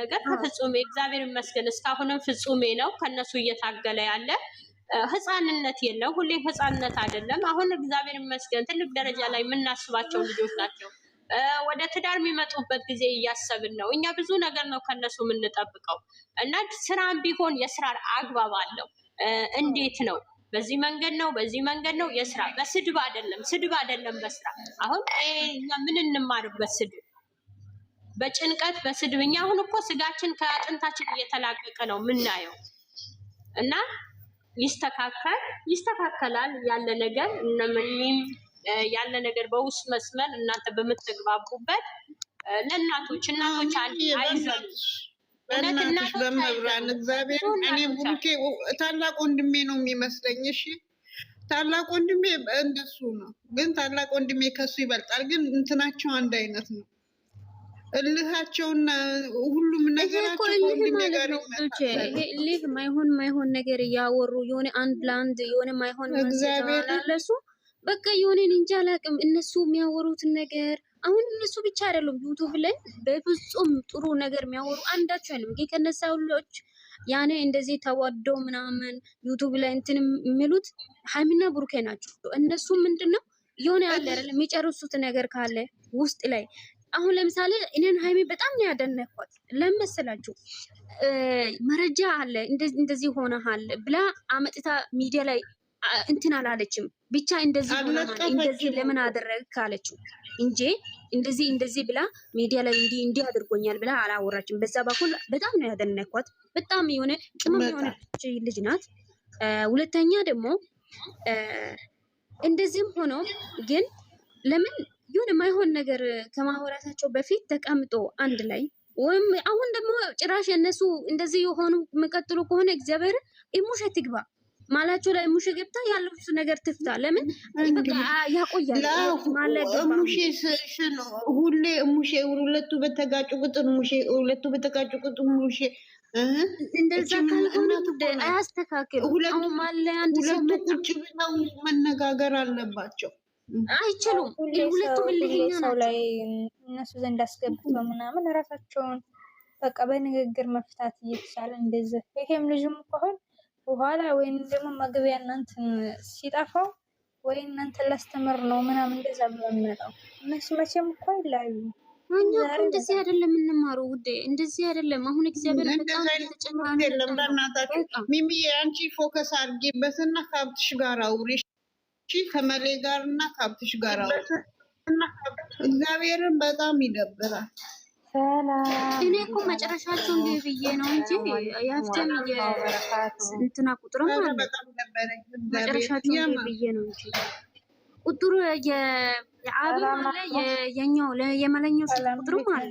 ነገር ከፍጹሜ እግዚአብሔር ይመስገን እስካሁንም ፍጹሜ ነው። ከነሱ እየታገለ ያለ ህፃንነት የለው ሁሌ ህፃንነት አይደለም። አሁን እግዚአብሔር ይመስገን ትልቅ ደረጃ ላይ የምናስባቸው ልጆች ናቸው። ወደ ትዳር የሚመጡበት ጊዜ እያሰብን ነው። እኛ ብዙ ነገር ነው ከነሱ የምንጠብቀው እና ስራም ቢሆን የስራ አግባብ አለው። እንዴት ነው? በዚህ መንገድ ነው፣ በዚህ መንገድ ነው። የስራ በስድብ አይደለም፣ ስድብ አይደለም በስራ አሁን እኛ ምን እንማርበት ስድብ በጭንቀት በስድብኛ። አሁን እኮ ስጋችን ከአጥንታችን እየተላቀቀ ነው ምናየው እና ይስተካከል ይስተካከላል ያለ ነገር እነምንም ያለ ነገር በውስጥ መስመር እናንተ በምትግባቡበት ለእናቶች እናቶች አይዘሉ በእናቶች በመብራን እግዚአብሔር እኔ ቡሩኬ ታላቅ ወንድሜ ነው የሚመስለኝ። እሺ ታላቅ ወንድሜ እንደሱ ነው፣ ግን ታላቅ ወንድሜ ከሱ ይበልጣል። ግን እንትናቸው አንድ አይነት ነው። እልሃቸውን ሁሉም ነገር እልህ ማይሆን ማይሆን ነገር እያወሩ የሆነ አንድ ለአንድ የሆነ ማይሆን ለሱ በቃ የሆነን እንጃ አላቅም። እነሱ የሚያወሩትን ነገር አሁን እነሱ ብቻ አይደሉም፣ ዩቱብ ላይ በፍጹም ጥሩ ነገር የሚያወሩ አንዳቸው አይደለም። ግን ከነሳ ሁሎች ያኔ እንደዚህ ተዋደው ምናምን ዩቱብ ላይ እንትን የሚሉት ሀይሚና ብሩኬ ናቸው። እነሱ ምንድን ነው የሆነ ያለ የሚጨርሱት ነገር ካለ ውስጥ ላይ አሁን ለምሳሌ እኔን ሀይሚ በጣም ነው ያደነኳት። ለምን መሰላችሁ? መረጃ አለ እንደዚህ ሆነሃል ብላ አመጥታ ሚዲያ ላይ እንትን አላለችም። ብቻ እንደዚህ እንደዚህ ለምን አደረግክ አለችው እንጂ እንደዚህ እንደዚህ ብላ ሚዲያ ላይ እንዲህ እንዲህ አድርጎኛል ብላ አላወራችም። በዛ በኩል በጣም ነው ያደነኳት። በጣም የሆነ ቅመም የሆነች ልጅ ናት። ሁለተኛ ደግሞ እንደዚህም ሆኖ ግን ለምን የሆነ የማይሆን ነገር ከማህበራታቸው በፊት ተቀምጦ አንድ ላይ ወይም አሁን ደግሞ ጭራሽ እነሱ እንደዚህ የሆኑ የሚቀጥሉ ከሆነ እግዚአብሔር ሙሽ ትግባ ማላቸው ላይ ሙሽ ገብታ ያለሱ ነገር ትፍታ። ለምን ያቆያል? ሁሌ ሙሼ ሁለቱ በተጋጩ ቁጥር ሙሼ ሁለቱ በተጋጩ ቁጥር ሙሼ እንደዛ ካልሆነ አያስተካክል። ሁለቱ ቁጭ ብለው መነጋገር አለባቸው። አይችሉም። ሁለቱም እልህኛ ናቸው። ላይ እነሱ ዘንድ አስገብተው ምናምን ራሳቸውን በቃ በንግግር መፍታት እየተቻለ እንደዚህ ይሄም ልጅም ከሆን በኋላ ወይም ደግሞ መግቢያ እናንትን ሲጠፋው ወይ እናንተ ላስተምር ነው ምናምን እንደዛ ብሎ የሚመጣው እነሱ መቼም እኮ ይለያዩ። እኛ እኮ እንደዚህ አይደለም የምንማረው ውዴ፣ እንደዚህ አይደለም። አሁን እግዚአብሔር በጣም በእናታችሁ ሚሚዬ አንቺ ፎከስ አድርጌበትና ካብትሽ ጋር አውሪ። ከመሬ ጋር እና ካብትሽ ጋር እግዚአብሔርን በጣም ይደብራል። እኔ እኮ መጨረሻቸው እንዲ ብዬ ነው እንጂ የአፍጀም እንትና ቁጥርም አለ መጨረሻቸው እንዲ ብዬ ነው እንጂ ቁጥሩ የአብም አለ የኛው የመለኛው ቁጥርም አለ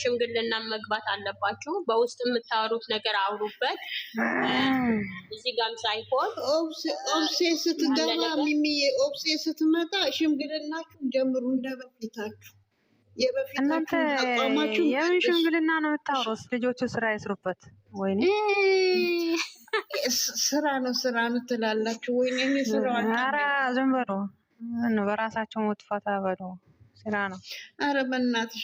ሽምግልና መግባት አለባችሁ። በውስጥ የምታወሩት ነገር አውሩበት። እዚህ ጋም ሳይሆን ኦብሴ ስትገባ ሚሚዬ ኦብሴ ስትመጣ ሽምግልናችሁ ጀምሩ እንደበፊታችሁ። እናንተ የምን ሽምግልና ነው የምታወሩት? ልጆቹ ስራ ይስሩበት። ወይኔ ስራ ነው ስራ ነው ትላላችሁ። ወይኔ ስራ ዝም በሉ፣ በራሳቸው ሞት ፈታ በሉ ስራ ነው። አረ በእናትሽ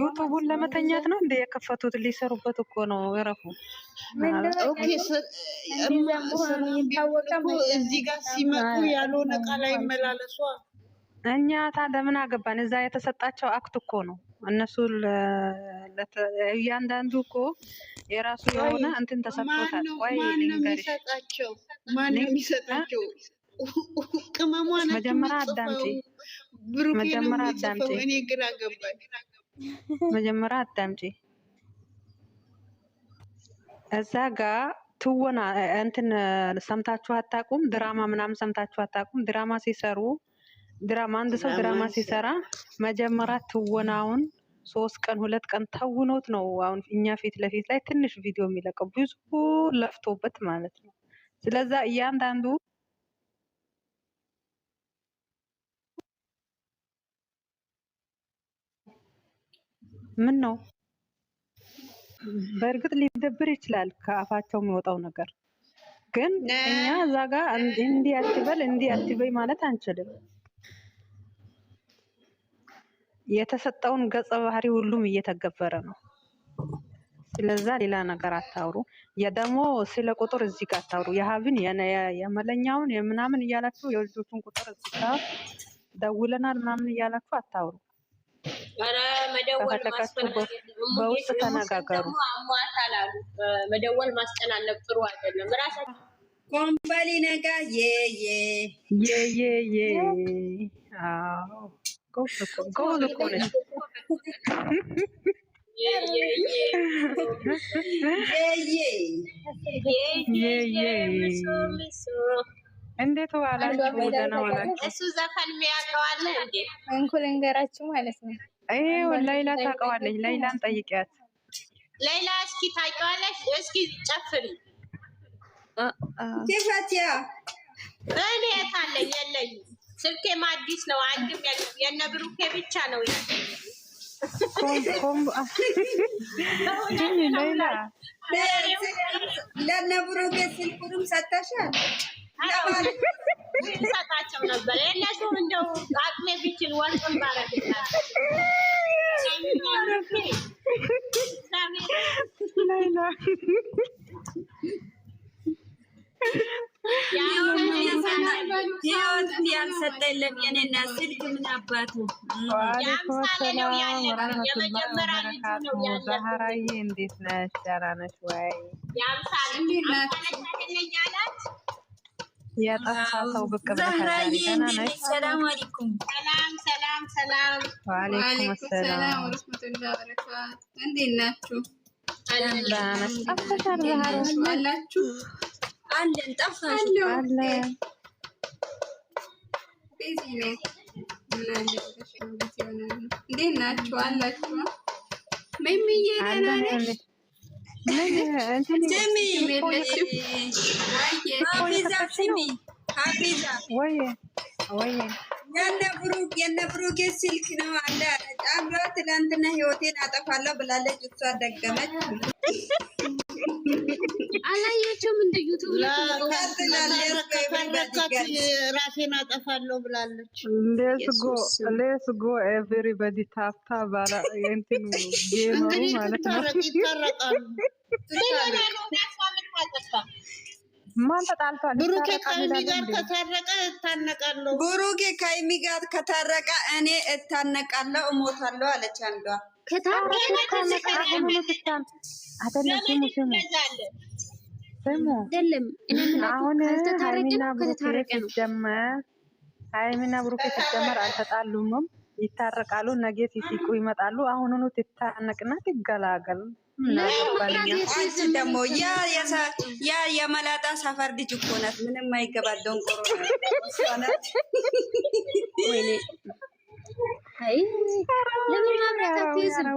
ዩቱቡን ለመተኛት ነው እንደ የከፈቱት ሊሰሩበት እኮ ነው። እረፉ። እዚህ ጋር ሲመጡ ያልሆነ ቃል አይመላለሷ። እኛ ታዲያ ምን አገባን? እዛ የተሰጣቸው አክት እኮ ነው። እነሱ እያንዳንዱ እኮ የራሱ የሆነ እንትን ተሰጥቶታል። ቆይ የሚሰጣቸው? ቅመሟ መጀመሪያ አዳምጪ፣ መጀመሪያ አዳምጪ፣ እኔ ግራ ገባኝ። መጀመሪያ አዳምጪ። እዛ ጋ ትወና እንትን ሰምታችሁ አታውቁም? ድራማ ምናምን ሰምታችሁ አታውቁም? ድራማ ሲሰሩ ድራማ አንድ ሰው ድራማ ሲሰራ መጀመሪያ ትወናውን ሶስት ቀን ሁለት ቀን ተውኖት ነው አሁን እኛ ፊት ለፊት ላይ ትንሽ ቪዲዮ የሚለቀው ብዙ ለፍቶበት ማለት ነው። ስለዛ እያንዳንዱ ምን ነው በእርግጥ ሊደብር ይችላል ከአፋቸው የሚወጣው ነገር፣ ግን እኛ እዛ ጋ እንዲህ አትበል እንዲህ አትበይ ማለት አንችልም። የተሰጠውን ገጸ ባህሪ ሁሉም እየተገበረ ነው። ስለዛ ሌላ ነገር አታውሩ። የደግሞ ስለ ቁጥር እዚህ ጋር አታውሩ። የሀብን የመለኛውን የምናምን እያላችሁ የልጆቹን ቁጥር እዚህ ጋር ደውለናል ምናምን እያላችሁ አታውሩ። በውስጥ ተነጋገሩ። መደወል ማስጨናነቅ ጥሩ አይደለም። ራሳቸው ኮምበሊ ነጋ ጎበዝ እኮ ነች። እንዴት ዋላችሁ? ደህና ዋላችሁ? እሱ ዘፈን የሚያውቀዋል እንዴ? እንኩል እንገራችሁ ማለት ነው ይኸው ላይላ ታውቀዋለች። ላይላን ጠይቂያት። ላይላ እስኪ ታውቂዋለሽ? እስኪ ጨፍሪ። ቴፋቲያ እኔ የት አለኝ? የለኝም። ስልኬም አዲስ ነው። አንድም የነ ብሩኬ ብቻ ነው ያለኝ። ለነ ብሩኬ ስልኩንም ሰጥተሻል? ይሰጣቸው ነበር። እነሱም እንደው አቅሜ ቢችል ወርቁን ባረግላቸው ይኸውልህ ያልሰጠ የለም። የእኔና ስልክ ምን አባቱ ነው የጠፋ ሰው ብቅ ብለህ ሰላም ሰላም ሰላም ሰላም። ወአለይኩም ሰላም ወረህመቱላሂ እንዴት ናችሁ? አላችሁ ቤዚ ነኝ። ምን አለ እንዴት ናችሁ? አላችሁ ደህና ነሽ? የነ ብሩክ የነ ብሩክ ስልክ ነው አለ ጫምራ ትላንትና ህይወቴን አጠፋለሁ ብላለች። እሷ ደገመች። አላየችም እንደ ዩቱብ ራሴን አጠፋለሁ ብላለች። ሌስጎ ኤቨሪባዲ ታታ ባራ ንትን ማለት ነው። ማን ተጣልቷል? ብሩኬ ከሀይሚ ጋር ከታረቀ እታነቃለሁ። ብሩኬ ከሀይሚ ጋር ከታረቀ እኔ እታነቃለሁ፣ እሞታለሁ አለች አንዷ ከታም ሀይሚና ብሩኬ ሲጀመር አልተጣሉምም፣ ይታረቃሉ። ነገ ሲስቁ ይመጣሉ። አሁኑኑ ትታነቅና ትገላገል። ደግሞ ያ የመላጣ ሰፈር ልጅ እኮ ናት። ምንም አይገባት ደንቆሮ ናት። አይ ለምን መብራት አትይዝም?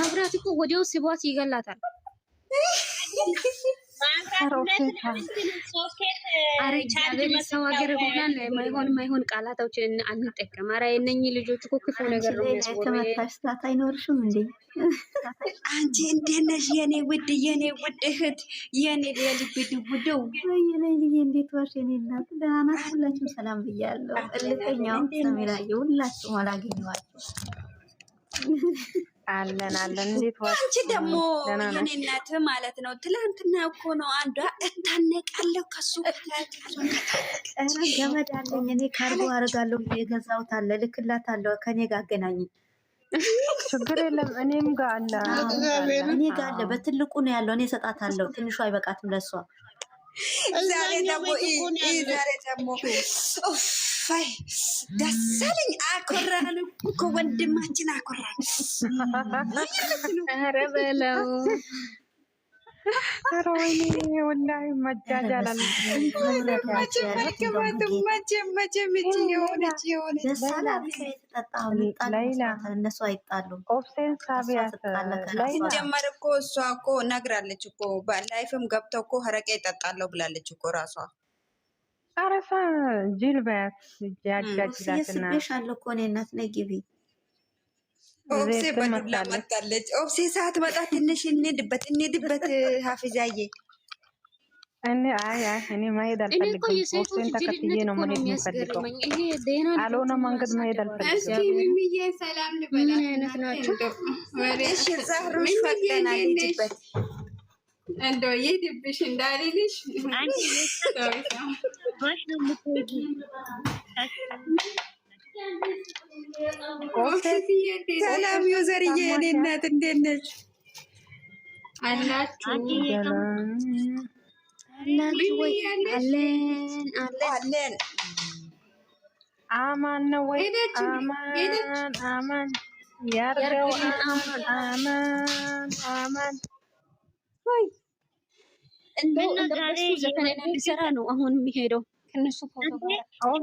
መብራት እኮ ወዲያው ስቧት ይገላታል። አረጃ ሰው ሀገር ሆናል። ማይሆን ማይሆን ቃላቶችን አንጠቀም። አረ የእነኝህ ልጆች እኮ ክፉ ነገር ነው። ተመታሽታት አይኖርሽም እንዴ አንቺ? እንዴት ነሽ የኔ ውድ የኔ ውድ እህት የኔ የልብ ድውደው ይለልዬ እንዴት ዋሽ የኔ እናት ደህና ናት? ሁላችሁም ሰላም ብያለሁ። እልተኛው ሰሚራየ ሁላችሁም አላገኘዋችሁ አለን አለን። እንዴት አንቺ ደግሞ የኔ እናት ማለት ነው። ትላንትና እኮ ነው አንዷ እታነቃለሁ ከሱ ገመድ አለኝ እኔ ካርጎ አርጋለሁ የገዛሁት አለ ልክላት ከኔ ጋር አገናኝ። ችግር የለም እኔም ጋር አለ እኔ ጋር አለ። በትልቁ ነው ያለው እኔ እሰጣታለሁ። ትንሿ አይበቃትም ለሷ ዛሬ ደግሞ ዛሬ ደግሞ ፋይ ደሳለኝ አኮራን እኮ ወንድማችን አኮራን። ኧረ በለው ኧረ ወይኔ ወላሂ መጃጃል አለ መቼም መቼም እች የሆነች የሆነች ላይላ እነሱ አይጣሉም። ኦፍሴን ሳቢያት ሲጀመር እኮ እሷ እኮ ነግራለች እኮ ላይፍም ገብተው እኮ ሀረቄ ይጠጣለሁ ብላለች እኮ ራሷ አረሳ ጅል በያት ያጃጅላትና ስቤሻለሁ እኮ እኔ እናት ነይ ግቢ ኦብሴ በዱላ መጣለች። ኦብሴ ሰዓት መጣ። ትንሽ እንሂድበት እንሂድበት ሀፊዛዬ እኔ አይ አይ እኔ መሄድ አልፈልግም። ኦብሴን ተከትዬ ነው መሄድ የሚፈልገው። አልሆነ መንገድ መሄድ አልፈልግም። ሰላም ዩዘርዬ፣ የኔ እናት እንዴት ነች? አላችሁ ወይ? አለን አማን ነው ወይ? አማን አማን፣ ያርገው አማን አማን አማን። እንደው እንደው ዘፈን እንዲሰራ ነው አሁን የሚሄደው ከነሱ ፎቶ ጋር አሁን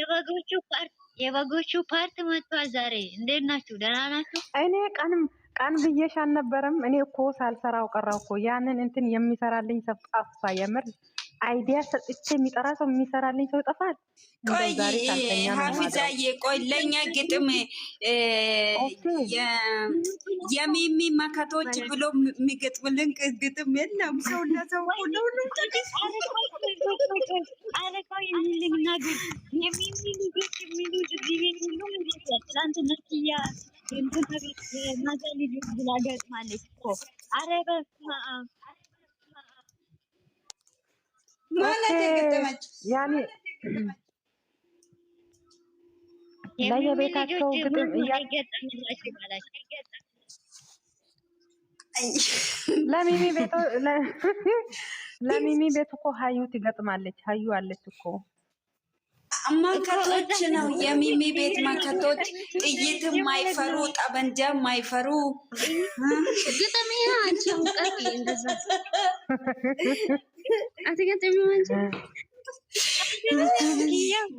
የበጎቹ ፓርት የበጎቹ ፓርት መጥቷል። ዛሬ እንዴት ናችሁ? ደህና ናችሁ? እኔ ቀንም ቀን ብዬሽ አልነበረም። እኔ እኮ ሳልሰራው ቀራው እኮ ያንን እንትን የሚሰራልኝ ሰፍጣፋ የምር አይዲያ ሰጥቼ የሚጠራ ሰው የሚሰራልኝ ሰው ይጠፋል። ቆይ ሀፊዛዬ፣ ቆይ ለእኛ ግጥም የሚሚ መከቶች ብሎ የሚገጥምልን ግጥም የለም። ሰውና ሰው ሁሉም ማለት ለሚሚ ቤት ለሚሚ እኮ ሀዩ ትገጥማለች። ሀዩ አለች እኮ መከቶች ነው የሚሚ ቤት መከቶች፣ ጥይት ማይፈሩ፣ ጠበንጃ ማይፈሩ ግጥም ይሄ አንቺ እንደዛ አትገጥሚው አንቺ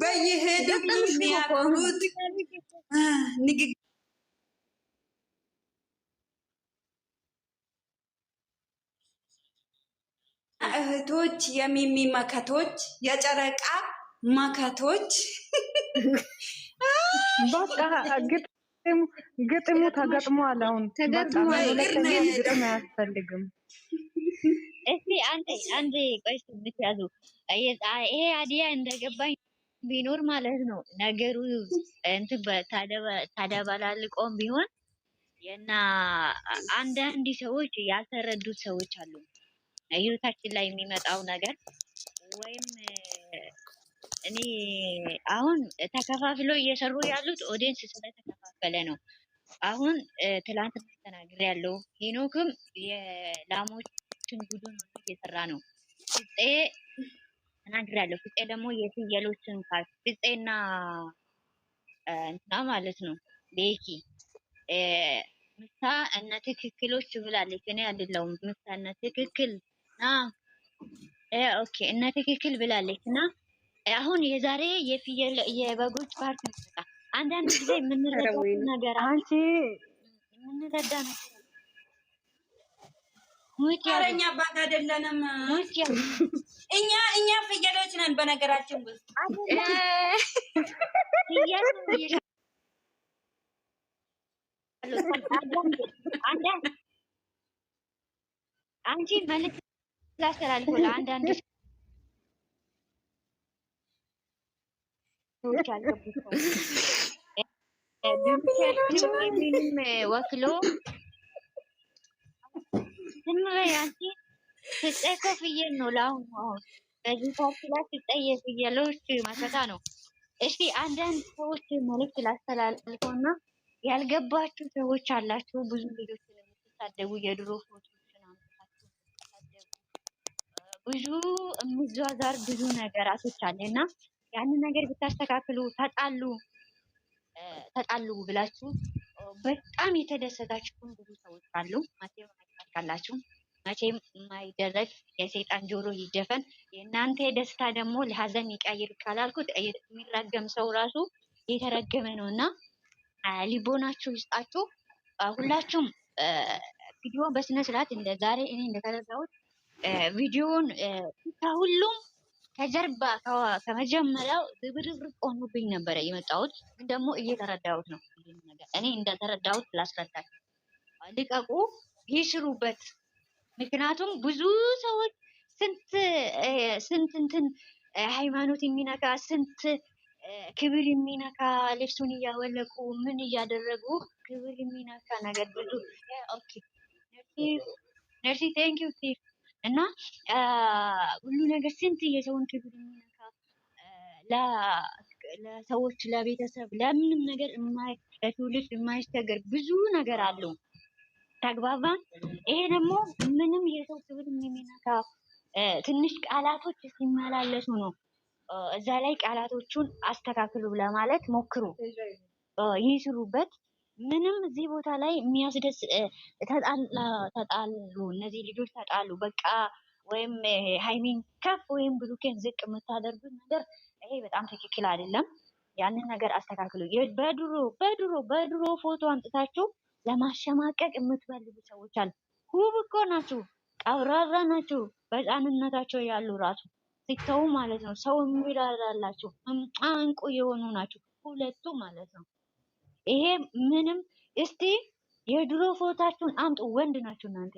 በየሄዱበት የሚያቆሙት ንግግር እህቶች፣ የሚሚ መከቶች፣ የጨረቃ መከቶች በቃ ግጥሙ ተገጥሟል። አሁን ግጥም አያስፈልግም። እስቲ አንዴ አንዴ ቆይ ብትያዙ ይሄ አዲያ እንደገባኝ ቢኖር ማለት ነው ነገሩ እንትን ታደባላልቆም ቢሆን እና አንዳንድ ሰዎች ያልተረዱት ሰዎች አሉ። ህይወታችን ላይ የሚመጣው ነገር ወይም እኔ አሁን ተከፋፍሎ እየሰሩ ያሉት ኦዲየንስ ስለተከፋፈለ ነው። አሁን ትላንት ተናግሬ ያለው ሄኖክም የላሞች ጉዳችን ጉዱን እየሰራ ነው። ፍፄ ተናግሬያለሁ። ፍፄ ደግሞ የፍየሎችን ፓርት ፍፄና እንትና ማለት ነው ቤኪ ምሳ እነ ትክክሎች ብላለች። እኔ አይደለሁም ምሳ እነ ትክክል ና ኦኬ እነ ትክክል ብላለች። እና አሁን የዛሬ የፍየል የበጎች ፓርክ ነው። አንዳንድ ጊዜ የምንረዳው ነገር አንቺ የምንረዳ ነገር አረኛ አባት አይደለንም። እኛ እኛ ፍየሎች ነን። በነገራችን ውስጥ አንቺ መልዕክት ላስተላልፍ ለአንዳንድ አልገቡም ወክሎ ዝም በይ አንቺ። ነው አሁን በዚህ ፓርቲ ላይ ማሰታ ነው። እሺ አንዳንድ ሰዎች መልዕክት ላስተላልፈው ያልገባችሁ ሰዎች አላችሁ። ብዙ ልጆች የድሮ አምጥታችሁ ብዙ ብዙ ነገራቶች አለ እና ያንን ነገር ብታስተካክሉ ተጣሉ ተጣሉ ብላችሁ በጣም የተደሰታችሁን ብዙ ሰዎች አሉ። ታውቃላችሁ። መቼም የማይደረግ የሰይጣን ጆሮ ይደፈን። የእናንተ ደስታ ደግሞ ለሀዘን ይቀይር ካላልኩት የሚራገም ሰው ራሱ የተረገመ ነው እና ሊቦናችሁ ይስጣችሁ። ሁላችሁም ቪዲዮ በስነ ስርዓት እንደ ዛሬ እኔ እንደተረዳሁት ቪዲዮውን ከሁሉም ከጀርባ ከመጀመሪያው ዝብርብርቅ ሆኖብኝ ነበረ የመጣሁት፣ ግን ደግሞ እየተረዳሁት ነው። እኔ እንደተረዳሁት ላስረዳችሁ ልቀቁ ይስሩበት። ምክንያቱም ብዙ ሰዎች ስንት ስንት እንትን ሃይማኖት የሚነካ ስንት ክብር የሚነካ ልብሱን እያወለቁ ምን እያደረጉ ክብር የሚነካ ነገር ብዙ ነርሲ ቴንክ ዩ እና ሁሉ ነገር ስንት የሰውን ክብር የሚነካ ለሰዎች ለቤተሰብ ለምንም ነገር ለትውልድ የማይቸገር ብዙ ነገር አለው። ተግባባ። ይሄ ደግሞ ምንም የሰው ክብር የሚነካ ትንሽ ቃላቶች ሲመላለሱ ነው። እዛ ላይ ቃላቶቹን አስተካክሉ ለማለት ሞክሩ፣ ይስሩበት። ምንም እዚህ ቦታ ላይ የሚያስደስ ተጣሉ፣ እነዚህ ልጆች ተጣሉ፣ በቃ ወይም ሃይሚን ከፍ ወይም ብሩኬን ዝቅ የምታደርጉት ነገር ይሄ በጣም ትክክል አይደለም። ያንን ነገር አስተካክሉ። በድሮ በድሮ በድሮ ፎቶ አምጥታችሁ ለማሸማቀቅ የምትፈልጉ ሰዎች አሉ። ውብ እኮ ናችሁ፣ ቀብራራ ናችሁ። በህፃንነታቸው ያሉ ራሱ ሲተው ማለት ነው ሰው የሚራራላችሁ እንቁ የሆኑ ናችሁ ሁለቱ ማለት ነው። ይሄ ምንም እስቲ የድሮ ፎታችሁን አምጡ። ወንድ ናችሁ እናንተ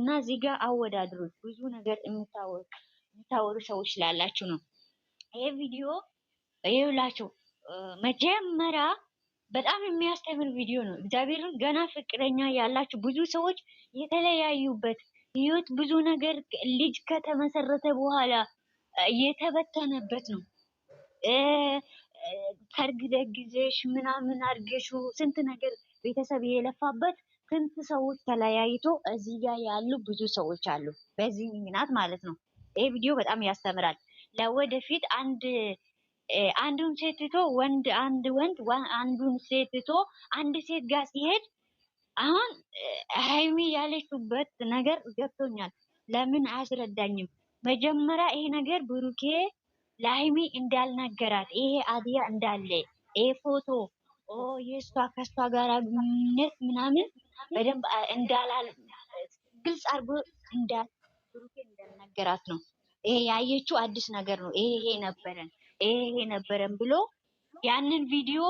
እና እዚህ ጋር አወዳድሩት። ብዙ ነገር የምታወሩ ሰዎች ስላላችሁ ነው። ይሄ ቪዲዮ ይኸውላችሁ መጀመሪያ በጣም የሚያስተምር ቪዲዮ ነው። እግዚአብሔርን ገና ፍቅረኛ ያላችሁ ብዙ ሰዎች የተለያዩበት ህይወት ብዙ ነገር ልጅ ከተመሰረተ በኋላ የተበተነበት ነው። ሰርግ ደግዘሽ ምናምን አድርገሽ ስንት ነገር ቤተሰብ የለፋበት ስንት ሰዎች ተለያይቶ እዚህ ጋር ያሉ ብዙ ሰዎች አሉ። በዚህ ምክንያት ማለት ነው። ይሄ ቪዲዮ በጣም ያስተምራል። ለወደፊት አንድ አንዱን ሴት ትቶ ወንድ አንድ ወንድ አንዱን ሴት ትቶ አንድ ሴት ጋር ሲሄድ አሁን ሀይሚ ያለችበት ነገር ገብቶኛል። ለምን አያስረዳኝም? መጀመሪያ ይሄ ነገር ብሩኬ ለሀይሚ እንዳልነገራት ይሄ አድያ እንዳለ ይሄ ፎቶ ኦ የእሷ ከእሷ ጋር ግንኙነት ምናምን በደንብ እንዳላል ግልጽ አድርጎ እንዳል ብሩኬ እንዳልነገራት ነው። ይሄ ያየችው አዲስ ነገር ነው። ይሄ ይሄ ነበረን ይሄ ነበረን ብሎ ያንን ቪዲዮ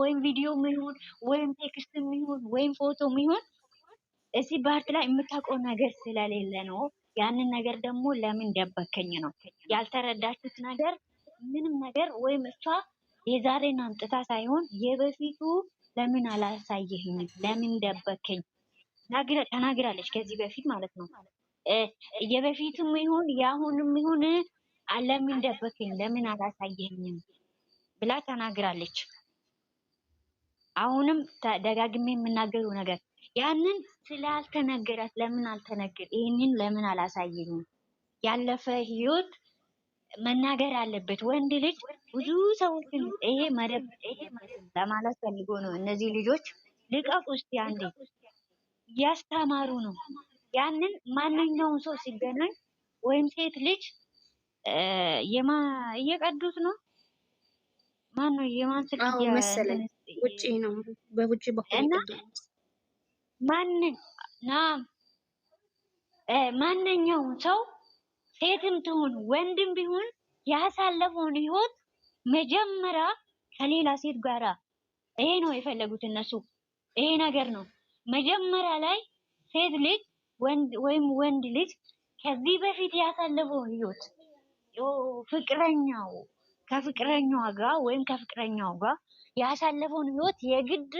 ወይም ቪዲዮ የሚሆን ወይም ቴክስት የሚሆን ወይም ፎቶ የሚሆን እዚህ ባርት ላይ የምታውቀው ነገር ስለሌለ ነው። ያንን ነገር ደግሞ ለምን ደበከኝ ነው ያልተረዳችሁት ነገር ምንም ነገር ወይም እሷ የዛሬን አምጥታ ሳይሆን የበፊቱ ለምን አላሳየህኝም፣ ለምን ደበከኝ ተናግራለች። ከዚህ በፊት ማለት ነው የበፊትም ይሁን የአሁንም ይሁን ለምን ደበከኝ? ለምን አላሳየኝም? ብላ ተናግራለች። አሁንም ደጋግሜ የምናገረው ነገር ያንን ስላልተነገራት ለምን አልተነገር ይህንን ለምን አላሳየኝም? ያለፈ ህይወት መናገር አለበት። ወንድ ልጅ ብዙ ሰዎችን ይሄ መደብ ለማለት ፈልጎ ነው። እነዚህ ልጆች ልቀቅ ውስጥ አንዴ እያስተማሩ ነው። ያንን ማንኛውም ሰው ሲገናኝ ወይም ሴት ልጅ የማ እየቀዱት ነው። ማን ነው የማን ስልክ? መሰለኝ ውጪ ነው በውጪ በኩል እና ና ማንኛውም ሰው ሴትም ትሁን ወንድም ቢሆን ያሳለፈውን ህይወት መጀመሪያ ከሌላ ሴት ጋራ ይሄ ነው የፈለጉት እነሱ። ይሄ ነገር ነው መጀመሪያ ላይ ሴት ልጅ ወይም ወንድ ልጅ ከዚህ በፊት ያሳለፈውን ህይወት ፍቅረኛው ከፍቅረኛው ጋር ወይም ከፍቅረኛው ጋር ያሳለፈውን ህይወት የግድ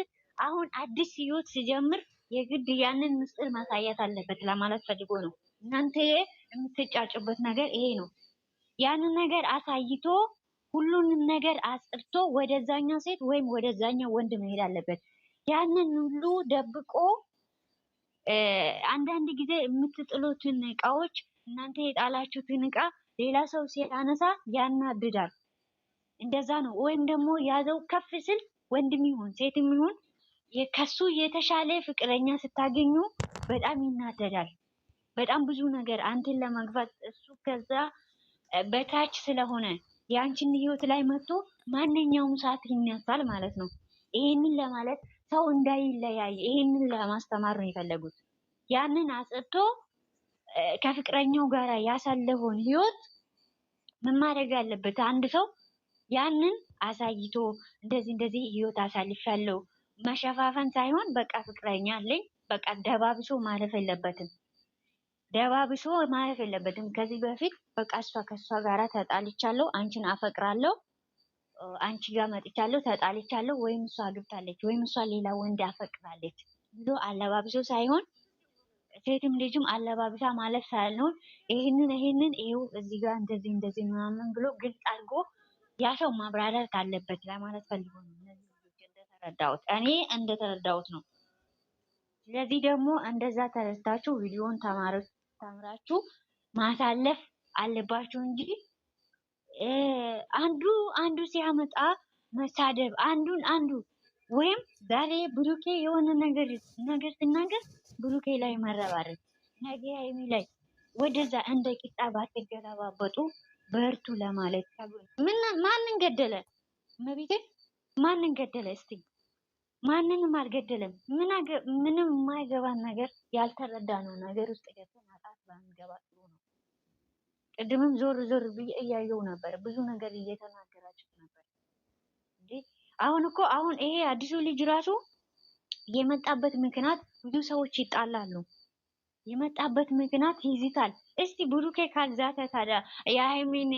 አሁን አዲስ ህይወት ሲጀምር የግድ ያንን ምስጢር ማሳየት አለበት ለማለት ፈልጎ ነው። እናንተ የምትጫጩበት ነገር ይሄ ነው። ያንን ነገር አሳይቶ ሁሉንም ነገር አስጥርቶ ወደዛኛው ሴት ወይም ወደዛኛ ወንድ መሄድ አለበት። ያንን ሁሉ ደብቆ አንዳንድ ጊዜ የምትጥሉትን እቃዎች እናንተ የጣላችሁትን እቃ ሌላ ሰው ሲያነሳ ያናድዳል። እንደዛ ነው። ወይም ደግሞ ያዘው ከፍ ሲል ወንድም ይሁን ሴትም ይሁን ከሱ የተሻለ ፍቅረኛ ስታገኙ በጣም ይናደዳል። በጣም ብዙ ነገር አንተን ለማግባት እሱ ከዛ በታች ስለሆነ የአንቺን ህይወት ላይ መጥቶ ማንኛውም ሰዓት ይነሳል ማለት ነው። ይሄንን ለማለት ሰው እንዳይለያይ ይሄንን ለማስተማር ነው የፈለጉት። ያንን አጽድቶ ከፍቅረኛው ጋር ያሳለፈውን ህይወት ምን ማድረግ አለበት? አንድ ሰው ያንን አሳይቶ እንደዚህ እንደዚህ ህይወት አሳልፊያለሁ መሸፋፈን ሳይሆን በቃ ፍቅረኛ አለኝ በቃ ደባብሶ ማለፍ የለበትም። ደባብሶ ማለፍ የለበትም። ከዚህ በፊት በቃ እሷ ከእሷ ጋራ ተጣልቻለሁ፣ አንቺን አፈቅራለሁ፣ አንቺ ጋር መጥቻለሁ፣ ተጣልቻለሁ፣ ወይም እሷ አግብታለች፣ ወይም እሷ ሌላ ወንድ አፈቅራለች ብሎ አለባብሶ ሳይሆን ሴትም ልጅም አለባብሳ ማለት ሳይሆን ይህንን ይህንን ይው እዚህ ጋር እንደዚህ እንደዚህ ምናምን ብሎ ግልጽ አድርጎ ያ ሰው ማብራራት አለበት ለማለት ፈልጎ ነው። እነዚህ ልጆች እንደተረዳሁት እኔ እንደተረዳሁት ነው። ስለዚህ ደግሞ እንደዛ ተረድታችሁ ቪዲዮን ተምራችሁ ማሳለፍ አለባችሁ እንጂ አንዱ አንዱ ሲያመጣ መሳደብ አንዱን አንዱ ወይም ዛሬ ብሩኬ የሆነ ነገር ነገር ስናገር ብሩኬ ላይ መረባረብ፣ ነገ ሀይሚ ላይ ወደዛ እንደ ቂጣ ባትገለባበጡ በርቱ ለማለት ማንን ገደለ? መቤቴ ማንን ገደለ? እስቲ ማንንም አልገደለም። ምንም የማይገባን ነገር ያልተረዳ ነው ነገር ውስጥ ገብተን ማጣት ባንገባ ጥሩ ነው። ቅድምም ዞር ዞር ብዬ እያየው ነበር ብዙ ነገር እየተናገ አሁን እኮ አሁን ይሄ አዲሱ ልጅ ራሱ የመጣበት ምክንያት ብዙ ሰዎች ይጣላሉ። የመጣበት ምክንያት ይዝታል። እስቲ ብሩኬ ካልዛተ ታዲያ የሃይሚን